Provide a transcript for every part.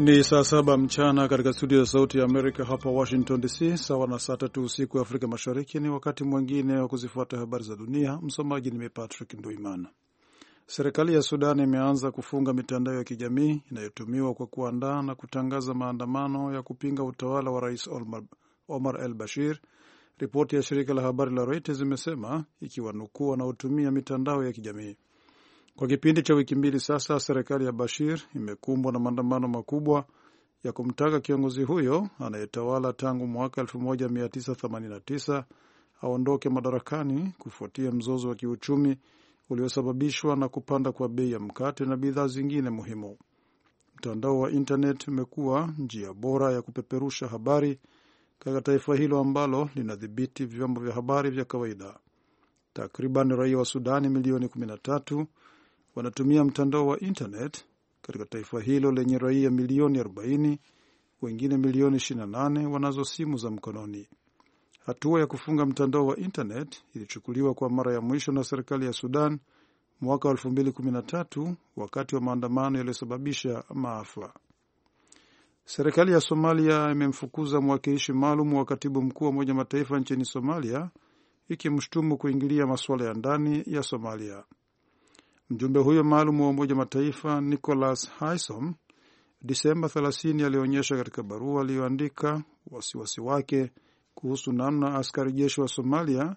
Ni saa saba mchana katika studio ya Sauti ya Amerika hapa Washington DC, sawa na saa tatu usiku ya Afrika Mashariki. Ni wakati mwingine wa kuzifuata habari za dunia. Msomaji ni mimi Patrick Nduimana. Serikali ya Sudan imeanza kufunga mitandao ya kijamii inayotumiwa kwa kuandaa na kutangaza maandamano ya kupinga utawala wa Rais Omar el Bashir, ripoti ya shirika la habari la Reuters imesema nukuu wanaotumia mitandao ya kijamii. Kwa kipindi cha wiki mbili sasa, serikali ya Bashir imekumbwa na maandamano makubwa ya kumtaka kiongozi huyo anayetawala tangu mwaka 1989 aondoke madarakani kufuatia mzozo wa kiuchumi uliosababishwa na kupanda kwa bei ya mkate na bidhaa zingine muhimu. Mtandao wa internet umekuwa njia bora ya kupeperusha habari katika taifa hilo ambalo linadhibiti vyombo vya habari vya kawaida. Takriban raia wa Sudani milioni wanatumia mtandao wa internet katika taifa hilo lenye raia milioni 40, wengine milioni 28 wanazo simu za mkononi. Hatua ya kufunga mtandao wa internet ilichukuliwa kwa mara ya mwisho na serikali ya Sudan mwaka wa 2013 wakati wa maandamano yaliyosababisha maafa. Serikali ya Somalia imemfukuza mwakilishi maalum wa katibu mkuu wa Umoja Mataifa nchini Somalia ikimshutumu kuingilia masuala ya ndani ya Somalia. Mjumbe huyo maalum wa Umoja Mataifa Nicholas Haysom Disemba 30 alionyesha katika barua aliyoandika wasiwasi wake kuhusu namna askari jeshi wa Somalia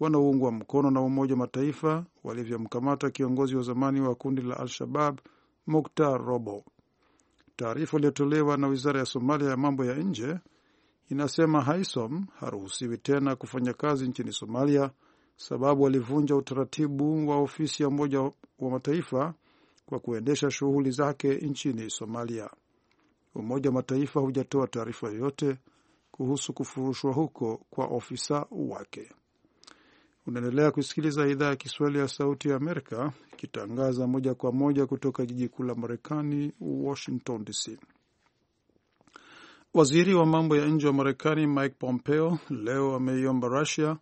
wanaoungwa mkono na Umoja Mataifa walivyomkamata kiongozi wa zamani wa kundi la Al-Shabab Muktar Robo. Taarifa iliyotolewa na wizara ya Somalia ya mambo ya nje inasema Haysom haruhusiwi tena kufanya kazi nchini Somalia sababu alivunja utaratibu wa ofisi ya Umoja wa Mataifa kwa kuendesha shughuli zake nchini Somalia. Umoja wa Mataifa hujatoa taarifa yoyote kuhusu kufurushwa huko kwa ofisa wake. Unaendelea kusikiliza idhaa ya Kiswahili ya Sauti ya Amerika ikitangaza moja kwa moja kutoka jiji kuu la Marekani, Washington DC. Waziri wa mambo ya nje wa Marekani Mike Pompeo leo ameiomba Rusia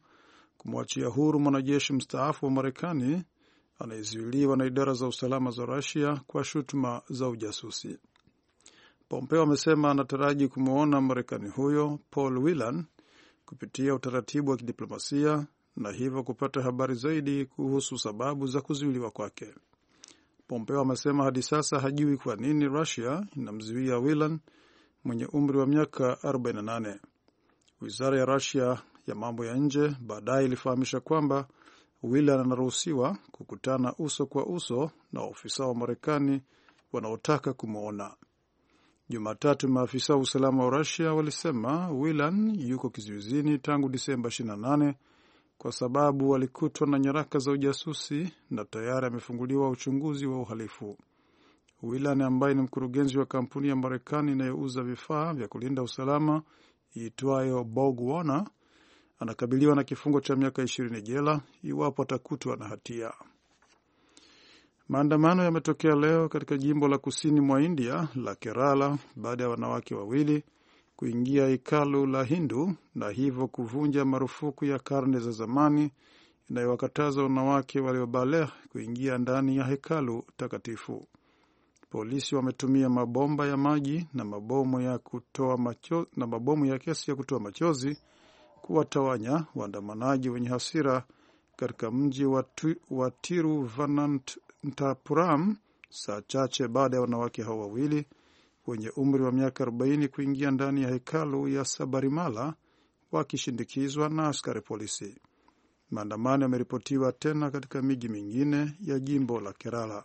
kumwachia huru mwanajeshi mstaafu wa Marekani anayezuiliwa na idara za usalama za Rusia kwa shutuma za ujasusi. Pompeo amesema anataraji kumwona Marekani huyo Paul Whelan kupitia utaratibu wa kidiplomasia na hivyo kupata habari zaidi kuhusu sababu za kuzuiliwa kwake. Pompeo amesema hadi sasa hajui kwa nini Rusia inamzuia Whelan mwenye umri wa miaka 48. Wizara ya Rusia ya mambo ya nje baadaye ilifahamisha kwamba Whelan anaruhusiwa kukutana uso kwa uso na waofisa wa Marekani wanaotaka kumwona. Jumatatu, maafisa wa usalama wa Rusia walisema Whelan yuko kizuizini tangu Disemba 28 kwa sababu alikutwa na nyaraka za ujasusi na tayari amefunguliwa uchunguzi wa uhalifu. Whelan ambaye ni mkurugenzi wa kampuni ya Marekani inayouza vifaa vya kulinda usalama iitwayo BorgWarner anakabiliwa na kifungo cha miaka ishirini jela iwapo atakutwa na hatia. Maandamano yametokea leo katika jimbo la kusini mwa India la Kerala baada ya wanawake wawili kuingia hekalu la Hindu na hivyo kuvunja marufuku ya karne za zamani inayowakataza wanawake waliobale kuingia ndani ya hekalu takatifu. Polisi wametumia mabomba ya maji na mabomu ya, kutoa macho, na mabomu ya ya kutoa machozi kuwatawanya waandamanaji wenye hasira katika mji wa Tiruvananthapuram saa chache baada ya wanawake hao wawili wenye umri wa miaka 40 kuingia ndani ya hekalu ya Sabarimala wakishindikizwa na askari polisi. Maandamano yameripotiwa tena katika miji mingine ya jimbo la Kerala.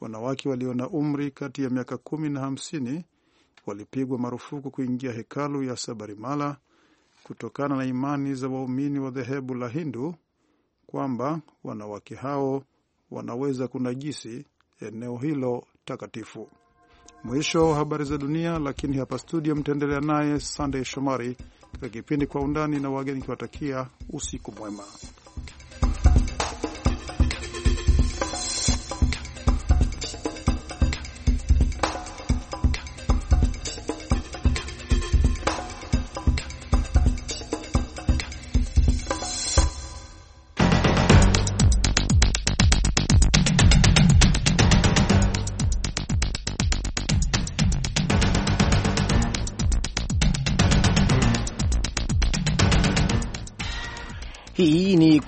Wanawake walio na umri kati ya miaka kumi na hamsini walipigwa marufuku kuingia hekalu ya Sabarimala kutokana na imani za waumini wa dhehebu la Hindu kwamba wanawake hao wanaweza kunajisi eneo hilo takatifu. Mwisho wa habari za dunia, lakini hapa studio mtaendelea naye Sandey Shomari katika kipindi Kwa Undani na wageni kiwatakia usiku mwema.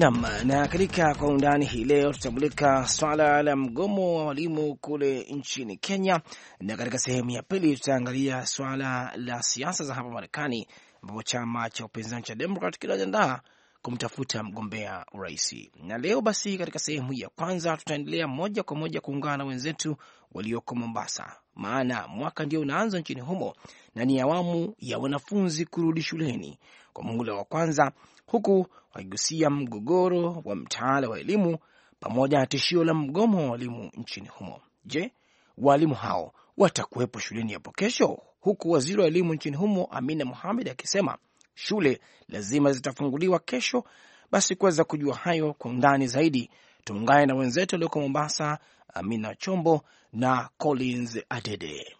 Nam na katika kwa undani hii leo tutamulika swala la mgomo wa walimu kule nchini Kenya, na katika sehemu ya pili tutaangalia swala la siasa za hapa Marekani, ambapo chama cha upinzani cha Demokrat kinajiandaa kumtafuta mgombea urais. Na leo basi, katika sehemu ya kwanza tutaendelea moja kwa moja kuungana na wenzetu walioko Mombasa, maana mwaka ndio unaanza nchini humo na ni awamu ya wanafunzi kurudi shuleni kwa muhula wa kwanza huku wakigusia mgogoro wa mtaala wa elimu pamoja na tishio la mgomo wa walimu nchini humo. Je, waalimu hao watakuwepo shuleni hapo kesho? Huku waziri wa elimu nchini humo Amina Mohamed akisema shule lazima zitafunguliwa kesho. Basi kuweza kujua hayo kwa undani zaidi, tuungane na wenzetu walioko Mombasa, Amina Chombo na Collins Adede.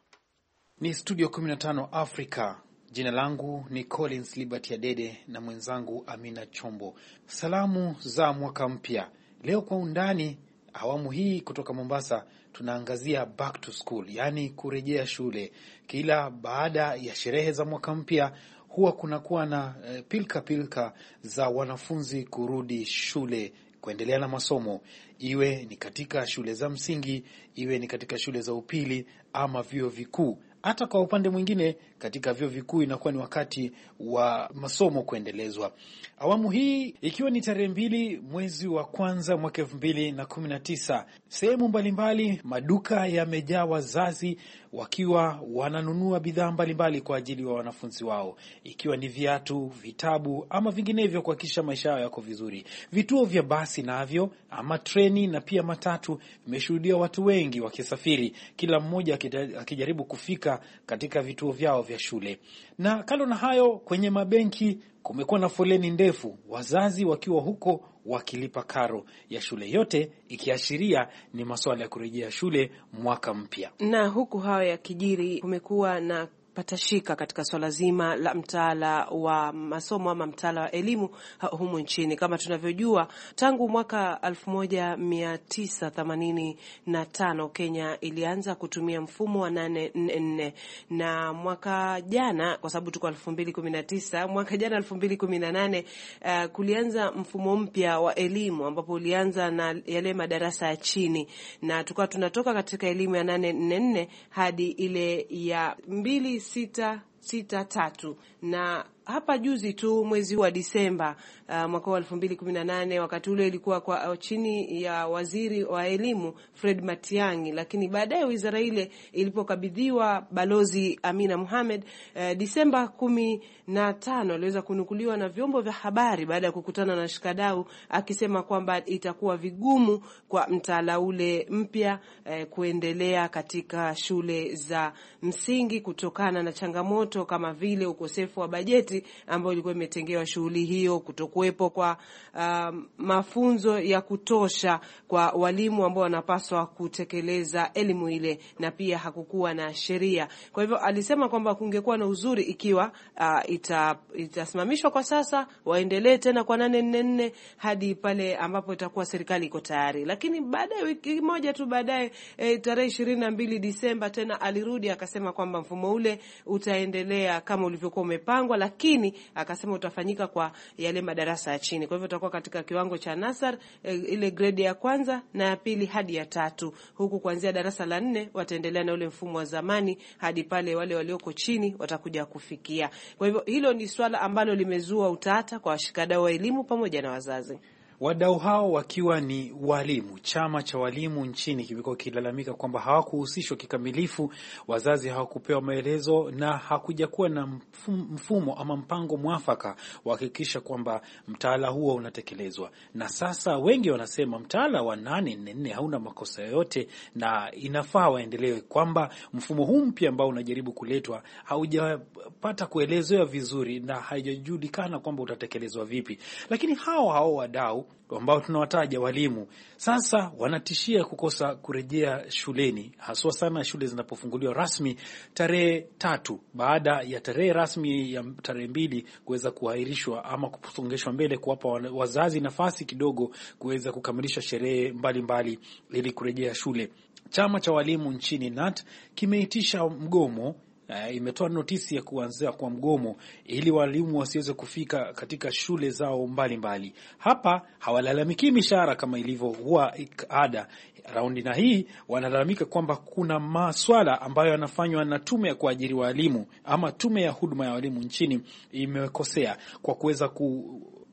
Ni Studio 15 Africa. Jina langu ni Collins Liberty Adede na mwenzangu Amina Chombo. Salamu za mwaka mpya. Leo kwa undani awamu hii kutoka Mombasa tunaangazia back to school, yaani kurejea shule. Kila baada ya sherehe za mwaka mpya huwa kunakuwa na eh, pilka pilka za wanafunzi kurudi shule kuendelea na masomo, iwe ni katika shule za msingi, iwe ni katika shule za upili ama vyuo vikuu. Hata kwa upande mwingine, katika vyuo vikuu inakuwa ni wakati wa masomo kuendelezwa. Awamu hii ikiwa ni tarehe mbili mwezi wa kwanza mwaka elfu mbili na kumi na tisa, sehemu mbalimbali maduka yamejaa wazazi wakiwa wananunua bidhaa mbalimbali kwa ajili ya wa wanafunzi wao, ikiwa ni viatu, vitabu ama vinginevyo, kuhakikisha maisha yao yako vizuri. Vituo vya basi navyo ama treni na pia matatu vimeshuhudia watu wengi wakisafiri, kila mmoja akijaribu kufika katika vituo vyao vya shule. Na kando na hayo, kwenye mabenki kumekuwa na foleni ndefu, wazazi wakiwa huko wakilipa karo ya shule yote, ikiashiria ni masuala ya kurejea shule mwaka mpya. Na huku hayo yakijiri, kumekuwa na patashika katika swala zima la mtaala wa masomo ama mtaala wa elimu humu nchini. Kama tunavyojua, tangu mwaka 1985 Kenya ilianza kutumia mfumo wa 844 na mwaka jana, kwa sababu tuko 2019, mwaka jana 2018, uh, eh, kulianza mfumo mpya wa elimu ambapo ulianza na yale madarasa ya chini, na tukawa tunatoka katika elimu ya 844 hadi ile ya mbili sita sita tatu na hapa juzi tu mwezi wa Disemba uh, mwaka wa elfu mbili kumi na nane wakati ule ilikuwa kwa uh, chini ya waziri wa elimu Fred Matiang'i, lakini baadaye wizara ile ilipokabidhiwa balozi Amina Mohamed uh, Disemba kumi na tano aliweza kunukuliwa na vyombo vya habari baada ya kukutana na shikadau akisema kwamba itakuwa vigumu kwa mtaala ule mpya uh, kuendelea katika shule za msingi kutokana na changamoto changamoto kama vile ukosefu wa bajeti ambayo ilikuwa imetengewa shughuli hiyo, kutokuwepo kwa um, mafunzo ya kutosha kwa walimu ambao wanapaswa kutekeleza elimu ile, na pia hakukuwa na sheria. Kwa hivyo alisema kwamba kungekuwa na uzuri ikiwa uh, ita, itasimamishwa kwa sasa, waendelee tena kwa nane nne nne hadi pale ambapo itakuwa serikali iko tayari. Lakini baada ya wiki moja tu baadaye, eh, tarehe ishirini na mbili Disemba tena alirudi akasema kwamba mfumo ule utaendelea kuendelea kama ulivyokuwa umepangwa, lakini akasema utafanyika kwa yale madarasa ya chini. Kwa hivyo utakuwa katika kiwango cha nasar eh, ile grade ya kwanza na ya pili hadi ya tatu, huku kuanzia darasa la nne wataendelea na ule mfumo wa zamani hadi pale wale walioko chini watakuja kufikia. Kwa hivyo hilo ni swala ambalo limezua utata kwa washikadau wa elimu pamoja na wazazi. Wadau hao wakiwa ni walimu. Chama cha walimu nchini kimekuwa kilalamika kwamba hawakuhusishwa kikamilifu, wazazi hawakupewa maelezo na hakujakuwa na mfumo ama mpango mwafaka wahakikisha kuhakikisha kwamba mtaala huo unatekelezwa. Na sasa wengi wanasema mtaala wa nne hauna makosa yoyote na inafaa waendelewe kwamba mfumo huu mpya ambao unajaribu kuletwa haujapata kuelezewa vizuri na haijajulikana kwamba utatekelezwa vipi, lakini hao hao wadau ambao tunawataja walimu, sasa wanatishia kukosa kurejea shuleni, haswa sana shule zinapofunguliwa rasmi tarehe tatu baada ya tarehe rasmi ya tarehe mbili kuweza kuahirishwa ama kusongeshwa mbele, kuwapa wazazi nafasi kidogo kuweza kukamilisha sherehe mbalimbali ili kurejea shule. Chama cha walimu nchini NAT kimeitisha mgomo uh, imetoa notisi ya kuanzia kwa mgomo ili walimu wasiweze kufika katika shule zao mbalimbali mbali. Hapa hawalalamiki mishahara kama ilivyo huwa ada. Raundi na hii wanalalamika kwamba kuna maswala ambayo yanafanywa na tume ya kuajiri walimu ama tume ya huduma ya walimu nchini imekosea kwa kuweza ku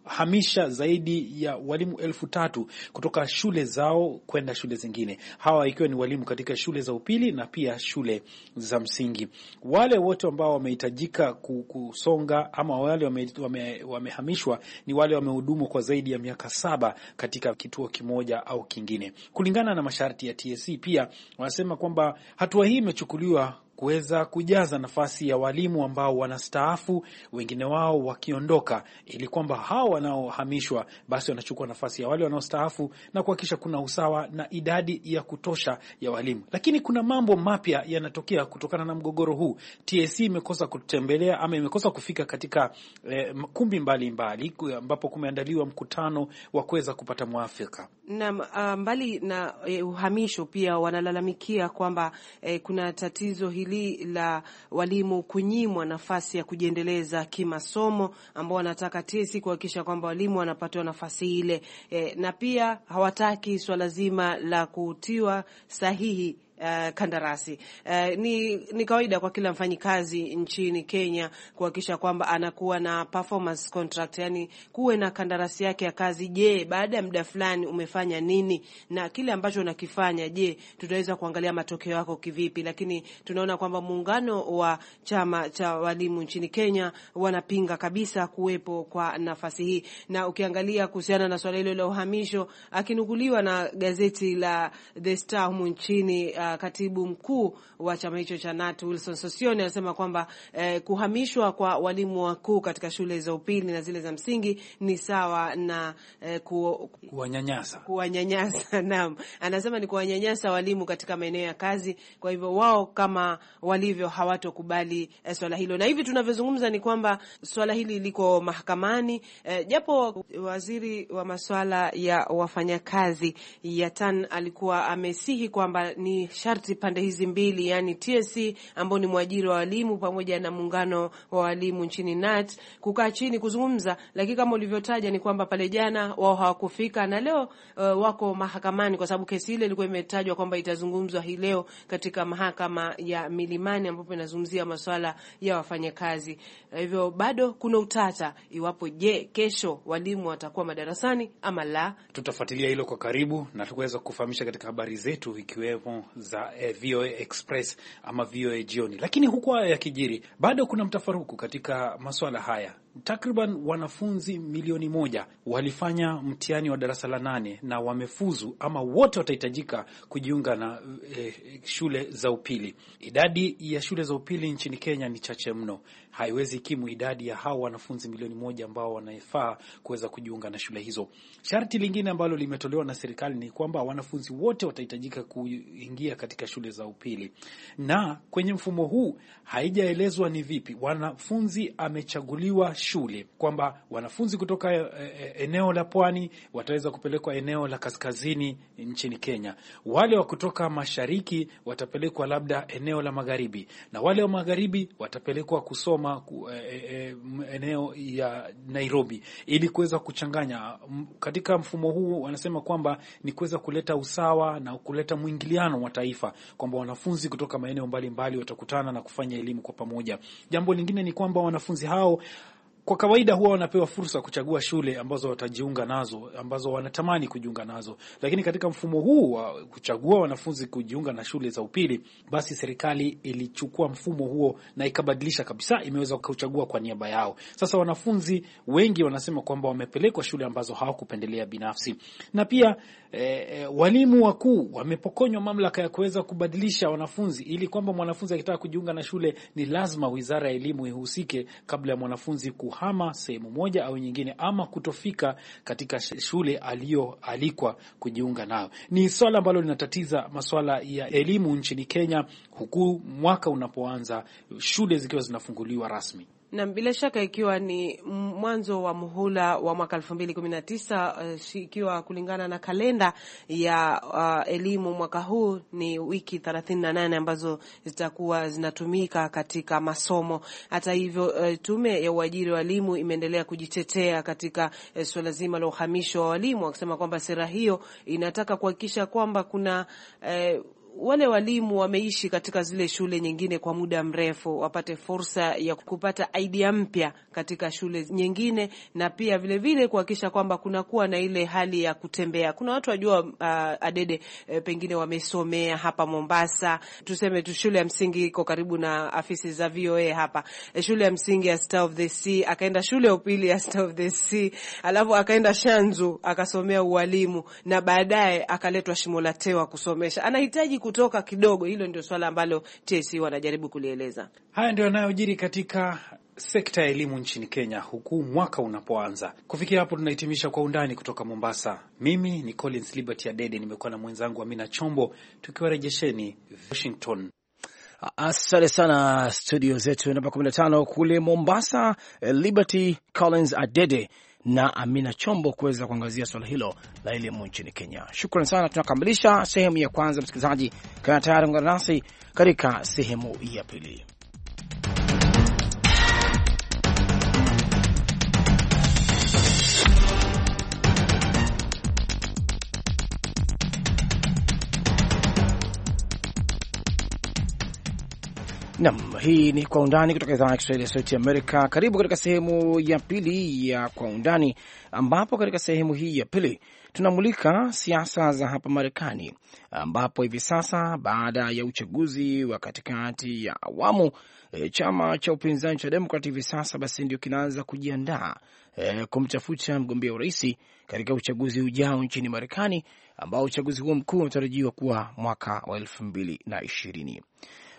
kuhamisha zaidi ya walimu elfu tatu kutoka shule zao kwenda shule zingine, hawa ikiwa ni walimu katika shule za upili na pia shule za msingi. Wale wote ambao wamehitajika kusonga ama wale wame, wame, wamehamishwa ni wale wamehudumu kwa zaidi ya miaka saba katika kituo kimoja au kingine, kulingana na masharti ya TSC. E pia wanasema kwamba hatua hii imechukuliwa kuweza kujaza nafasi ya walimu ambao wanastaafu, wengine wao wakiondoka, ili kwamba hao wanaohamishwa basi wanachukua nafasi ya wale wanaostaafu na kuhakikisha kuna usawa na idadi ya kutosha ya walimu. Lakini kuna mambo mapya yanatokea kutokana na mgogoro huu. TSC e imekosa kutembelea ama imekosa kufika katika eh, kumbi mbalimbali ambapo kumeandaliwa mkutano wa kuweza kupata mwafaka. uh, mbali na uh, uhamisho pia wanalalamikia kwamba eh, kuna tatizo hili hili la walimu kunyimwa nafasi ya kujiendeleza kimasomo, ambao wanataka TSC kuhakikisha kwamba walimu wanapatiwa nafasi ile e, na pia hawataki swala zima la kutiwa sahihi uh, kandarasi. Uh, ni, ni kawaida kwa kila mfanyikazi nchini Kenya kuhakikisha kwamba anakuwa na performance contract, yani kuwe na kandarasi yake ya kazi. Je, baada ya muda fulani umefanya nini na kile ambacho unakifanya, je, tutaweza kuangalia matokeo yako kivipi? Lakini tunaona kwamba muungano wa chama cha walimu nchini Kenya wanapinga kabisa kuwepo kwa nafasi hii, na ukiangalia kuhusiana na swala hilo la uhamisho, akinukuliwa na gazeti la The Star humu nchini uh, katibu mkuu wa chama hicho cha Natu Wilson Sosioni anasema kwamba eh, kuhamishwa kwa walimu wakuu katika shule za upili na zile za msingi ni sawa na eh, ku, kuwanyanyasa kuwanyanyasa. Naam, anasema ni kuwanyanyasa walimu katika maeneo ya kazi. Kwa hivyo wao kama walivyo hawatokubali eh, swala hilo, na hivi tunavyozungumza ni kwamba swala hili liko mahakamani eh, japo waziri wa masuala ya wafanyakazi Yatan alikuwa amesihi kwamba ni sharti pande hizi mbili, yani TSC ambao ni mwajiri wa walimu pamoja na muungano wa walimu nchini NAT kukaa chini kuzungumza, lakini kama ulivyotaja ni kwamba pale jana wao hawakufika na leo uh, wako mahakamani kwa sababu kesi ile ilikuwa imetajwa kwamba itazungumzwa hii leo katika mahakama ya Milimani ambapo inazungumzia masuala ya wafanyakazi. Uh, hivyo bado kuna utata iwapo, je, kesho walimu watakuwa madarasani ama la. Tutafuatilia hilo kwa karibu na tukuweza kufahamisha katika habari zetu ikiwemo za eh, VOA Express ama VOA jioni. Lakini huku haya yakijiri, bado kuna mtafaruku katika masuala haya. Takriban wanafunzi milioni moja walifanya mtihani wa darasa la nane na wamefuzu ama wote watahitajika kujiunga na eh, shule za upili. Idadi ya shule za upili nchini Kenya ni chache mno haiwezi kimu idadi ya hao wanafunzi milioni moja ambao wanaefaa kuweza kujiunga na shule hizo. Sharti lingine ambalo limetolewa na serikali ni kwamba wanafunzi wote watahitajika kuingia katika shule za upili, na kwenye mfumo huu haijaelezwa ni vipi wanafunzi amechaguliwa shule kwamba wanafunzi kutoka eh, eh, eneo la pwani wataweza kupelekwa eneo la kaskazini nchini Kenya, wale wa kutoka mashariki watapelekwa labda eneo la magharibi, na wale wa magharibi watapelekwa kusoma kama eh, eh, eh, eneo ya Nairobi ili kuweza kuchanganya katika mfumo huu. Wanasema kwamba ni kuweza kuleta usawa na kuleta mwingiliano wa taifa, kwamba wanafunzi kutoka maeneo mbalimbali watakutana na kufanya elimu kwa pamoja. Jambo lingine ni kwamba wanafunzi hao kwa kawaida huwa wanapewa fursa kuchagua shule ambazo watajiunga nazo, ambazo wanatamani kujiunga nazo, lakini katika mfumo huu wa kuchagua wanafunzi kujiunga na shule za upili, basi serikali ilichukua mfumo huo na ikabadilisha kabisa, imeweza kuchagua kwa niaba yao. Sasa wanafunzi wengi wanasema kwamba wamepelekwa shule ambazo hawakupendelea binafsi, na pia eh, eh walimu wakuu wamepokonywa mamlaka ya kuweza kubadilisha wanafunzi, ili kwamba mwanafunzi akitaka kujiunga na shule ni lazima wizara ya elimu ihusike kabla ya mwanafunzi ku kuhama sehemu moja au nyingine, ama kutofika katika shule aliyoalikwa kujiunga nayo. Ni swala ambalo linatatiza masuala ya elimu nchini Kenya, huku mwaka unapoanza shule zikiwa zinafunguliwa rasmi. Na bila shaka ikiwa ni mwanzo wa muhula wa mwaka 2019 uh, eh, ikiwa kulingana na kalenda ya uh, elimu mwaka huu ni wiki 38 ambazo zitakuwa zinatumika katika masomo. Hata hivyo, uh, tume ya uajiri wa walimu imeendelea kujitetea katika uh, suala zima la uhamisho wa walimu, wakisema kwamba sera hiyo inataka kuhakikisha kwamba kuna uh, wale walimu wameishi katika zile shule nyingine kwa muda mrefu, wapate fursa ya kupata idea mpya katika shule nyingine, na pia vilevile kuhakikisha kwamba kunakuwa na ile hali ya kutembea. Kuna watu wajua, uh, Adede, eh, pengine wamesomea hapa Mombasa, tuseme tu shule ya msingi iko karibu na afisi za VOA hapa, eh, shule ya msingi ya Star of the Sea, akaenda shule ya upili ya Star of the Sea, alafu akaenda Shanzu akasomea ualimu na baadaye akaletwa Shimolatewa kusomesha anahitaji kutoka kidogo. Hilo ndio swala ambalo TSC wanajaribu kulieleza. Haya ndio yanayojiri katika sekta ya elimu nchini Kenya huku mwaka unapoanza. Kufikia hapo, tunahitimisha Kwa Undani kutoka Mombasa. Mimi ni Collins Liberty Adede, nimekuwa na mwenzangu Amina Chombo, tukiwarejesheni Washington. Asante sana studio zetu namba 15 kule Mombasa, Liberty Collins Adede na Amina Chombo kuweza kuangazia swala hilo la elimu nchini Kenya. Shukran sana, tunakamilisha sehemu ya kwanza. Msikilizaji, kana tayari ungana nasi katika sehemu ya pili. Nam, hii ni Kwa Undani kutoka idhaa ya Kiswahili ya Sauti Amerika. Karibu katika sehemu ya pili ya Kwa Undani, ambapo katika sehemu hii ya pili tunamulika siasa za hapa Marekani, ambapo hivi sasa baada ya uchaguzi wa katikati ya awamu e, chama cha upinzani cha Demokrat hivi sasa basi ndio kinaanza kujiandaa e, kumtafuta mgombea uraisi katika uchaguzi ujao nchini Marekani, ambao uchaguzi huo mkuu unatarajiwa kuwa mwaka wa elfu mbili na ishirini.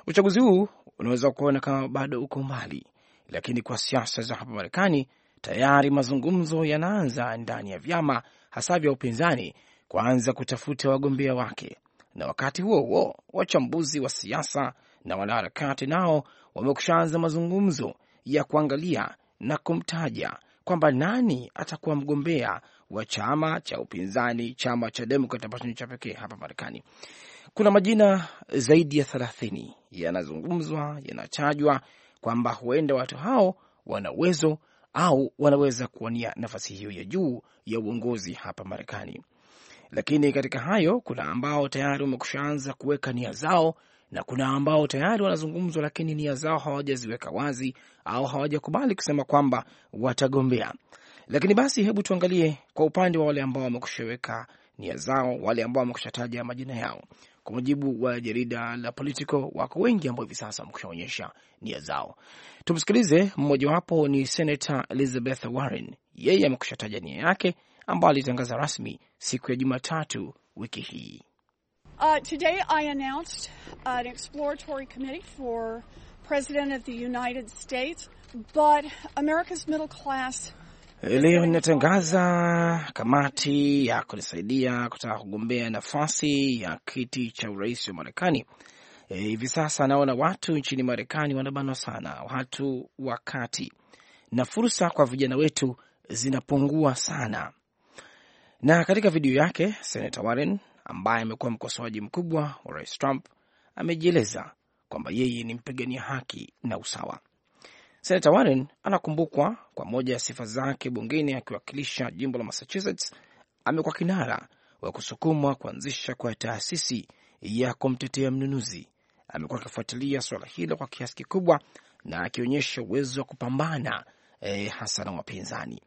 Uchaguzi huu unaweza kuona kama bado uko mbali, lakini kwa siasa za hapa Marekani tayari mazungumzo yanaanza ndani ya vyama hasa vya upinzani kuanza kutafuta wagombea wake. Na wakati huo huo, wachambuzi wa siasa na wanaharakati nao wamekushaanza mazungumzo ya kuangalia na kumtaja kwamba nani atakuwa mgombea wa chama cha upinzani, chama cha Demokrat ambacho ni cha pekee hapa Marekani. Kuna majina zaidi ya thelathini yanazungumzwa, yanatajwa kwamba huenda watu hao wana uwezo au wanaweza kuwania nafasi hiyo ya juu ya uongozi hapa Marekani. Lakini katika hayo kuna ambao tayari wamekushaanza kuweka nia zao na kuna ambao tayari wanazungumzwa, lakini nia zao hawajaziweka wazi au hawajakubali kusema kwamba watagombea. Lakini basi, hebu tuangalie kwa upande wa wale ambao wamekushaweka nia zao, wale ambao wamekushataja majina yao. Kwa mujibu wa jarida la Politico, wako wengi ambao hivi sasa wamekushaonyesha nia zao. Tumsikilize mmojawapo, ni Senator Elizabeth Warren. Yeye amekushataja nia yake ambayo alitangaza rasmi siku ya Jumatatu wiki hii. Uh, today I announced an exploratory committee for President of the United States, but America's middle class Leo ninatangaza kamati ya kunisaidia kutaka kugombea nafasi ya kiti cha urais wa Marekani. E, hivi e, sasa naona watu nchini Marekani wanabanwa sana, watu wa kati, na fursa kwa vijana wetu zinapungua sana. Na katika video yake Senata Warren ambaye amekuwa mkosoaji mkubwa wa rais Trump amejieleza kwamba yeye ni mpigania haki na usawa. Senata Warren anakumbukwa kwa moja ya sifa zake bungeni akiwakilisha jimbo la Massachusetts. Amekuwa kinara wa kusukuma kuanzisha kwa taasisi ya kumtetea mnunuzi. Amekuwa akifuatilia suala hilo kwa kiasi kikubwa na akionyesha uwezo wa kupambana eh, hasa na wapinzani.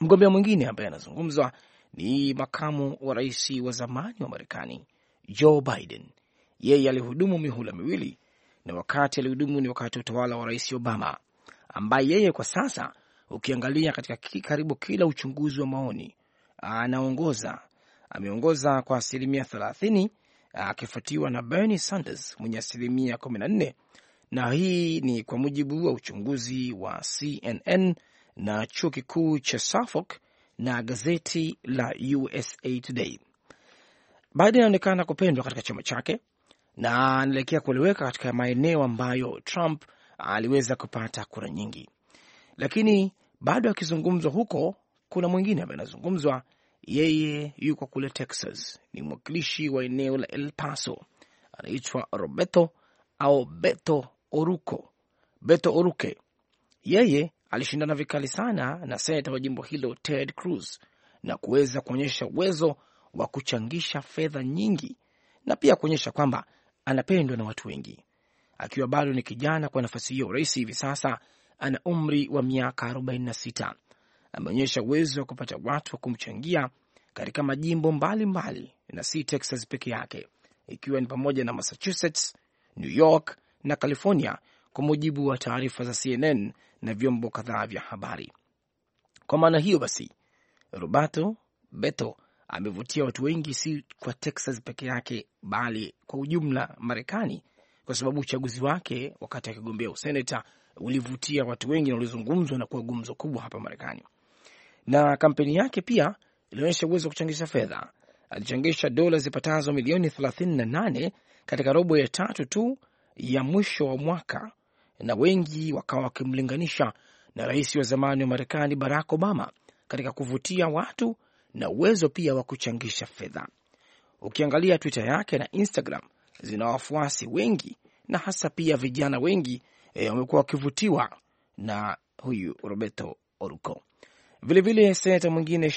Mgombea mwingine ambaye anazungumzwa ni makamu wa rais wa zamani wa Marekani Joe Biden. Yeye alihudumu mihula miwili na wakati alihudumu ni wakati wa utawala wa Rais Obama, ambaye yeye kwa sasa ukiangalia katika karibu kila uchunguzi wa maoni anaongoza. Ameongoza kwa asilimia thelathini akifuatiwa na Bernie Sanders mwenye asilimia kumi na nne na hii ni kwa mujibu wa uchunguzi wa CNN na chuo kikuu cha Suffolk na gazeti la USA Today. Biden anaonekana kupendwa katika chama chake, na anaelekea kueleweka katika maeneo ambayo Trump aliweza kupata kura nyingi, lakini bado akizungumzwa huko, kuna mwingine ambaye anazungumzwa. Yeye yuko kule Texas, ni mwakilishi wa eneo la El Paso, anaitwa Roberto au Beto Oruko, Beto Oruke. Yeye alishindana vikali sana na senata wa jimbo hilo Ted Cruz na kuweza kuonyesha uwezo wa kuchangisha fedha nyingi na pia kuonyesha kwamba anapendwa na watu wengi. Akiwa bado ni kijana kwa nafasi hiyo urais hivi sasa, ana umri wa miaka 46. Ameonyesha uwezo wa kupata watu wa kumchangia katika majimbo mbalimbali mbali, na si Texas peke yake, ikiwa ni pamoja na Massachusetts, New York na California, kwa mujibu wa taarifa za CNN na vyombo kadhaa vya habari. Kwa maana hiyo basi, Roberto Beto amevutia watu wengi, si kwa Texas peke yake, bali kwa ujumla Marekani, kwa sababu uchaguzi wake wakati akigombea useneta ulivutia watu wengi na ulizungumzwa na kuwa gumzo kubwa hapa Marekani. Na kampeni yake pia ilionyesha uwezo wa kuchangisha fedha. Alichangisha dola zipatazo milioni 38 katika robo ya tatu tu ya mwisho wa mwaka, na wengi wakawa wakimlinganisha na rais wa zamani wa Marekani Barack Obama katika kuvutia watu na uwezo pia wa kuchangisha fedha. Ukiangalia Twitter yake na Instagram zina wafuasi wengi na hasa pia vijana wengi e, wamekuwa e, wakivutiwa na huyu Roberto Oruko. Vilevile seneta mwingine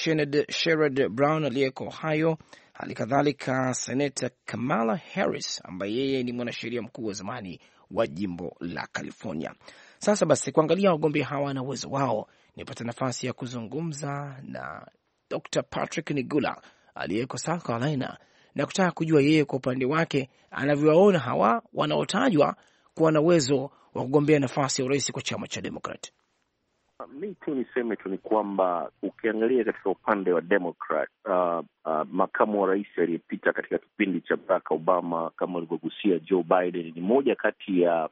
Sherrod Brown aliyeko Ohio, hali kadhalika seneta Kamala Harris ambaye yeye ni mwanasheria mkuu wa zamani wa jimbo la California. Sasa basi, kuangalia wagombea hawa na uwezo wao, nipata nafasi ya kuzungumza na Dr Patrick Nigula aliyeko South Carolina na kutaka kujua yeye kwa upande wake anavyowaona hawa wanaotajwa kuwa na uwezo wa kugombea nafasi ya urais kwa chama cha Demokrat. Mi tu niseme tu ni kwamba ukiangalia katika upande wa demokrat uh, uh, makamu wa rais aliyepita katika kipindi cha Barack Obama kama alivyogusia Joe Biden ni moja kati ya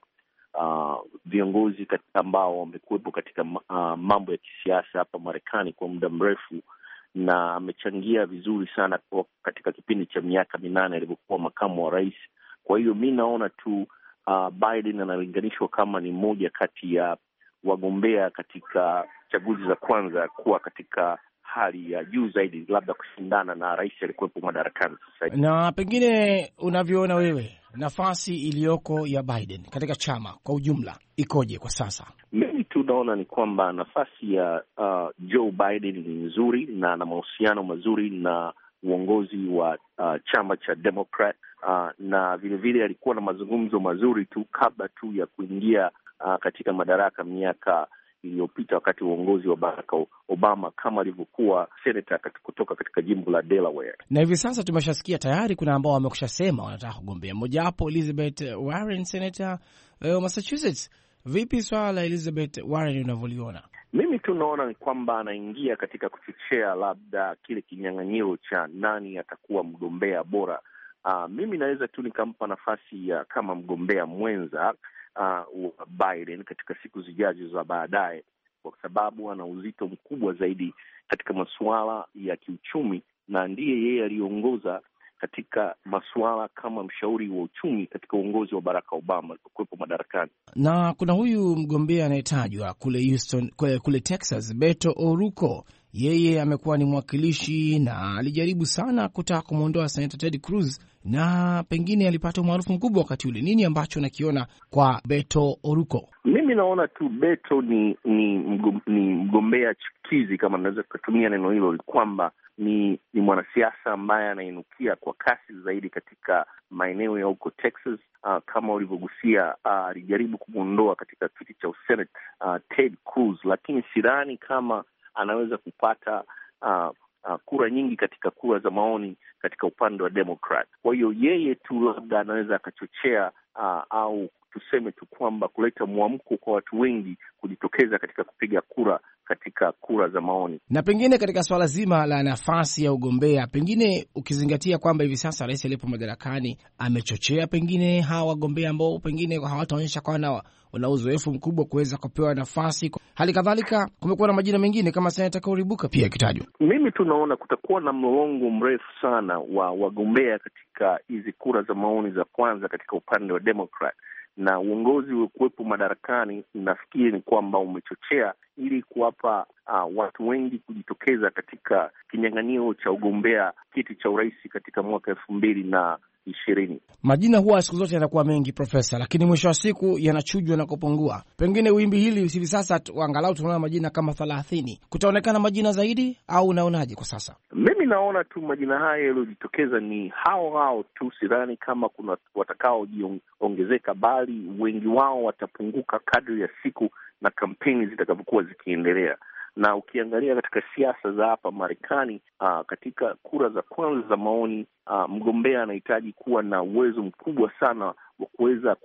uh, viongozi ambao wamekuwepo katika uh, mambo ya kisiasa hapa Marekani kwa muda mrefu na amechangia vizuri sana kwa katika kipindi cha miaka minane alivyokuwa makamu wa rais. Kwa hiyo mi naona tu uh, Biden analinganishwa kama ni mmoja kati ya wagombea katika chaguzi za kwanza kuwa katika hali ya juu zaidi, labda kushindana na rais alikuwepo madarakani sasa hivi. Na pengine unavyoona wewe nafasi iliyoko ya Biden katika chama kwa ujumla ikoje kwa sasa? M kitu naona ni kwamba nafasi ya uh, Joe Biden ni nzuri na ana mahusiano mazuri na uongozi wa uh, chama cha Democrat uh, na vilevile alikuwa na mazungumzo mazuri tu kabla tu ya kuingia uh, katika madaraka miaka iliyopita wakati wa uongozi wa Barack Obama kama alivyokuwa senata kutoka katika jimbo la Delaware. Na hivi sasa tumeshasikia tayari kuna ambao wamekusha sema wanataka kugombea, mmojawapo Elizabeth Warren, senata eh, wa uh, Massachusetts Vipi swala la Elizabeth Warren unavyoliona? Mimi tu naona kwamba anaingia katika kuchochea labda kile kinyang'anyiro cha nani atakuwa mgombea bora. Uh, mimi naweza tu nikampa nafasi ya kama mgombea mwenza ah, wa uh, Biden katika siku zijazo za baadaye, kwa sababu ana uzito mkubwa zaidi katika masuala ya kiuchumi na ndiye yeye aliyoongoza katika masuala kama mshauri wa uchumi katika uongozi wa Barack Obama alipokuwepo madarakani. Na kuna huyu mgombea anayetajwa kule Houston, kule Texas, Beto Oruko, yeye amekuwa ni mwakilishi na alijaribu sana kutaka kumwondoa senata Ted Cruz na pengine alipata umaarufu mkubwa wakati ule. Nini ambacho nakiona kwa Beto Oruko? mimi naona tu Beto ni ni ni mgombea chikizi, kama naweza tukatumia neno hilo, kwamba ni ni mwanasiasa ambaye anainukia kwa kasi zaidi katika maeneo ya huko Texas. Uh, kama ulivyogusia ah, alijaribu uh, kumwondoa katika kiti cha usenate uh, Ted Cruz, lakini sidhani kama anaweza kupata uh, uh, kura nyingi katika kura za maoni katika upande wa Democrat. Kwa hiyo yeye tu labda anaweza akachochea uh, au tuseme tu kwamba kuleta mwamko kwa watu wengi kujitokeza katika kupiga kura katika kura za maoni. Na pengine katika swala zima la nafasi ya ugombea, pengine ukizingatia kwamba hivi sasa rais aliyepo madarakani amechochea pengine hawa wagombea ambao pengine hawataonyesha kwana wana uzoefu mkubwa kuweza kupewa nafasi. Hali kadhalika kumekuwa na majina mengine kama senata Kauribuka pia akitajwa. Mimi tunaona kutakuwa na mlolongo mrefu sana wa wagombea katika hizi kura za maoni za kwanza katika upande wa Democrat na uongozi uliokuwepo madarakani, nafikiri ni kwamba umechochea ili kuwapa uh, watu wengi kujitokeza katika kinyang'anio cha ugombea kiti cha urais katika mwaka elfu mbili na ishirini. Majina huwa siku zote yanakuwa mengi Profesa, lakini mwisho wa siku yanachujwa na kupungua. Pengine wimbi hili hivi sasa angalau tunaona majina kama thelathini, kutaonekana majina zaidi au unaonaje kwa sasa? Mimi naona tu majina haya yaliyojitokeza ni hao hao tu, sidhani kama kuna watakaojiongezeka, bali wengi wao watapunguka kadri ya siku na kampeni zitakavyokuwa zikiendelea na ukiangalia katika siasa za hapa Marekani, uh, katika kura za kwanza za maoni uh, mgombea anahitaji kuwa na uwezo mkubwa sana wa kuweza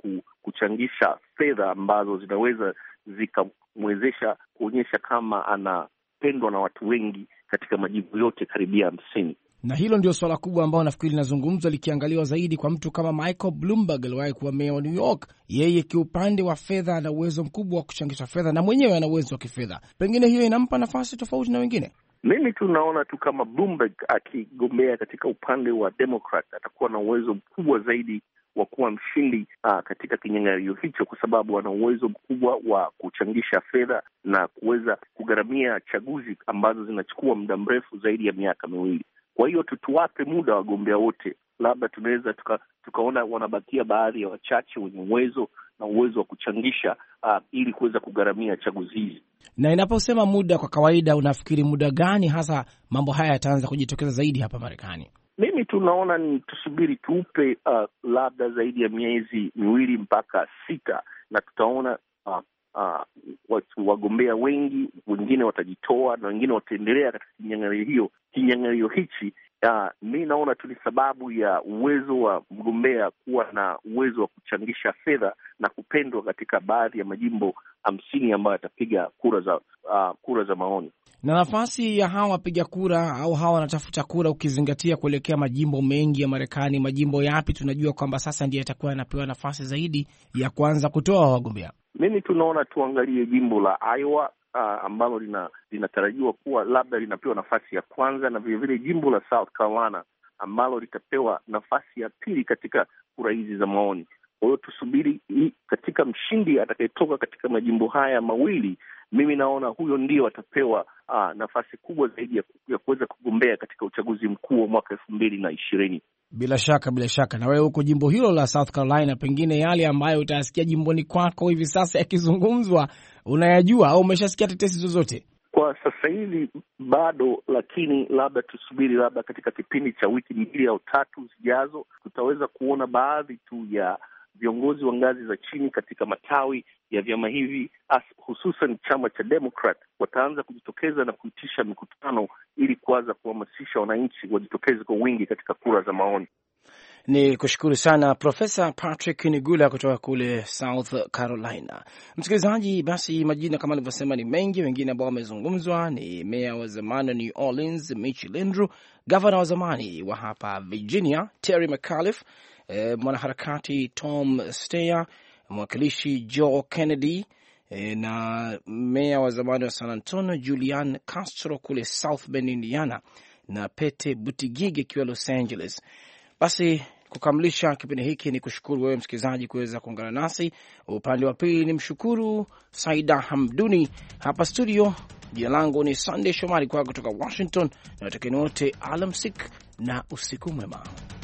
kuchangisha fedha ambazo zinaweza zikamwezesha kuonyesha kama anapendwa na watu wengi katika majimbo yote karibia hamsini na hilo ndio swala kubwa ambao nafikiri linazungumzwa likiangaliwa zaidi kwa mtu kama Michael Bloomberg, aliwahi kuwa meya wa New York. Yeye kiupande wa fedha ana uwezo mkubwa wa kuchangisha fedha na mwenyewe ana uwezo wa kifedha, pengine hiyo inampa nafasi tofauti na wengine. Mimi tu naona tu kama Bloomberg akigombea katika upande wa Democrat atakuwa na uwezo mkubwa zaidi wa kuwa mshindi uh, katika kinyang'anyiro hicho, kwa sababu ana uwezo mkubwa wa kuchangisha fedha na kuweza kugharamia chaguzi ambazo zinachukua muda mrefu zaidi ya miaka miwili. Kwa hiyo tutuwape muda wagombea wote, labda tunaweza tuka, tukaona wanabakia baadhi ya wachache wenye uwezo na uwezo wa kuchangisha uh, ili kuweza kugharamia chaguzi hizi. Na inaposema muda, kwa kawaida unafikiri muda gani hasa mambo haya yataanza kujitokeza zaidi hapa Marekani? Mimi tunaona ni tusubiri, tuupe uh, ah, labda zaidi ya miezi miwili mpaka sita, na tutaona uh, ah, uh, watu wagombea wengi, wengine watajitoa na wengine wataendelea katika kinyang'anyiro hiyo kinyang'anyiro hichi Uh, mi naona tu ni sababu ya uwezo wa mgombea kuwa na uwezo wa kuchangisha fedha na kupendwa katika baadhi ya majimbo hamsini ambayo yatapiga kura za uh, kura za maoni na nafasi ya hawa wapiga kura au hawa wanatafuta kura, ukizingatia kuelekea majimbo mengi ya Marekani. Majimbo yapi tunajua kwamba sasa ndiyo yatakuwa yanapewa nafasi zaidi ya kuanza kutoa wagombea? Mimi tunaona tuangalie jimbo la Iowa uh, ambalo linatarajiwa lina kuwa labda linapewa nafasi ya kwanza na vilevile jimbo la South Carolina ambalo litapewa nafasi ya pili katika kura hizi za maoni. Kwa hiyo tusubiri katika mshindi atakayetoka katika majimbo haya mawili, mimi naona huyo ndio atapewa uh, nafasi kubwa zaidi ya, ya kuweza kugombea katika uchaguzi mkuu wa mwaka elfu mbili na ishirini. Bila shaka, bila shaka. Na wewe huko jimbo hilo la South Carolina, pengine yale ambayo utayasikia jimboni kwako hivi sasa yakizungumzwa unayajua au umeshasikia tetesi zozote kwa sasa hivi? Bado, lakini labda tusubiri, labda katika kipindi cha wiki mbili au tatu zijazo tutaweza kuona baadhi tu ya viongozi wa ngazi za chini katika matawi ya vyama hivi hususan chama cha Democrat wataanza kujitokeza na kuitisha mikutano ili kuanza kuhamasisha wananchi wajitokeze kwa wingi katika kura za maoni. Ni kushukuru sana Profesa Patrick Nigula kutoka kule South Carolina. Msikilizaji, basi majina kama alivyosema ni mengi. Wengine ambao wamezungumzwa ni meya wa zamani wa New Orleans Mitch Landrieu, gavana wa zamani wa hapa Virginia Terry McAuliffe, e, mwanaharakati Tom Steyer, mwakilishi Joe Kennedy e, na meya wa zamani wa San Antonio Julian Castro kule South Bend, Indiana na Pete Buttigieg akiwa Los Angeles. Basi kukamilisha kipindi hiki ni kushukuru wewe msikilizaji kuweza kuungana nasi. Upande wa pili ni mshukuru Saida Hamduni hapa studio. Jina langu ni Sandey Shomari kwako kutoka Washington na watekeni wote, alamsik na usiku mwema.